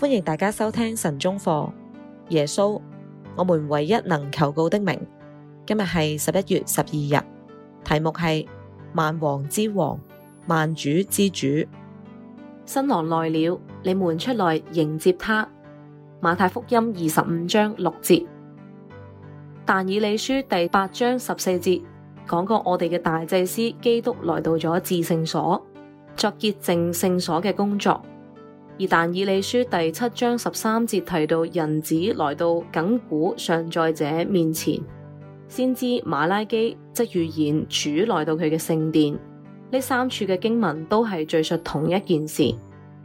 歡迎大家收聽神中課，耶穌，我們唯一能求告的名。今日係十一月十二日，題目係萬王之王，萬主之主。新郎來了，你們出來迎接他。馬太福音二十五章六節，但以理書第八章十四節講過，我哋嘅大祭司基督來到咗至聖所，作潔淨聖所嘅工作。而但以理書第七章十三節提到，人子來到亙古常在者面前，先知馬拉基則預言主來到佢嘅聖殿。呢三處嘅經文都係敘述同一件事，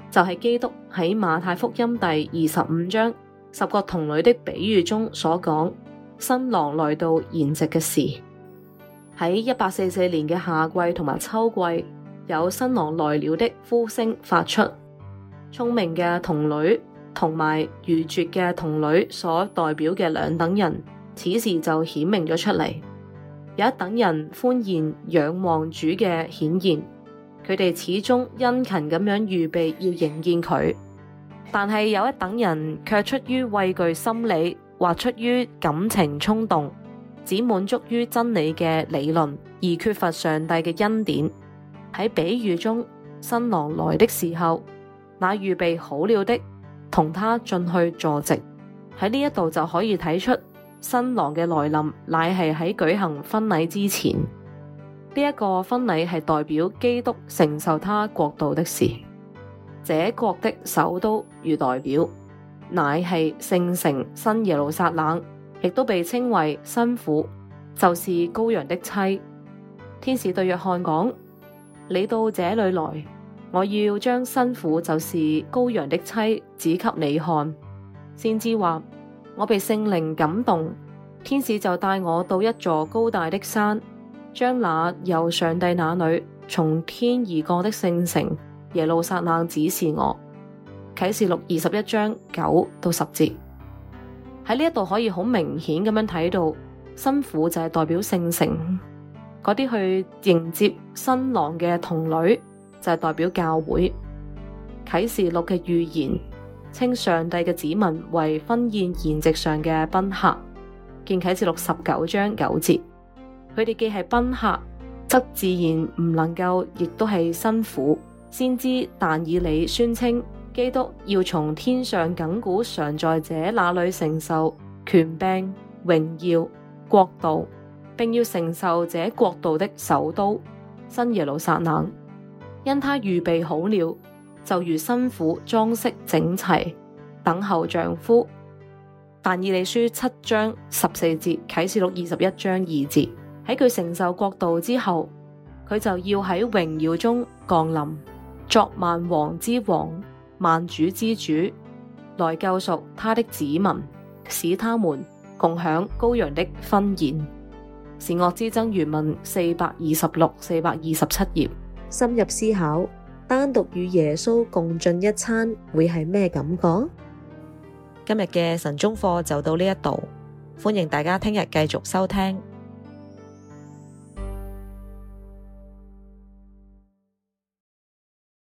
就係、是、基督喺馬太福音第二十五章十個童女的比喻中所講新郎來到筵席嘅事。喺一八四四年嘅夏季同埋秋季，有新郎來了的呼聲發出。聰明嘅童女，同埋愚拙嘅童女所代表嘅兩等人，此時就顯明咗出嚟。有一等人歡然仰望主嘅顯現，佢哋始終殷勤咁樣預備要迎見佢。但係有一等人却出於畏懼心理或出於感情衝動，只滿足於真理嘅理論，而缺乏上帝嘅恩典。喺比喻中，新郎來的時候，那預備好了的，同他進去坐席。喺呢一度就可以睇出新郎嘅來臨，乃係喺舉行婚禮之前。呢、這、一個婚禮係代表基督承受他國度的事。這國的首都如代表，乃係聖城新耶路撒冷，亦都被稱為新婦，就是羔羊的妻。天使對約翰講：你到這裏來。我要將新婦，就是羔羊的妻指給你看，先知話，我被聖靈感動，天使就帶我到一座高大的山，將那由上帝那裡從天而降的聖城耶路撒冷指示我。啟示錄二十一章九到十節。喺呢一度可以好明顯咁樣睇到新婦就係代表聖城嗰啲去迎接新郎嘅童女。就係代表教會。啟示錄嘅預言稱上帝嘅子民為婚宴筵席上嘅賓客，見啟示錄十九章九節，佢哋既係賓客，則自然唔能夠，亦都係辛苦。先知但以理宣稱，基督要從天上亙古常在者那裏承受權柄、榮耀、國度，並要承受這國度的首都新耶路撒冷。因他預備好了，就如辛苦裝飾整齊，等候丈夫。但以理書七章十四節，啟示錄二十一章二節，喺佢承受國度之後，佢就要喺榮耀中降臨，作萬王之王、萬主之主，來救贖他的子民，使他們共享羔羊的婚宴。善惡之爭原文四百二十六、四百二十七頁。深入思考，單獨與耶穌共進一餐會係咩感覺？今日嘅神中課就到呢一度，歡迎大家聽日繼續收聽。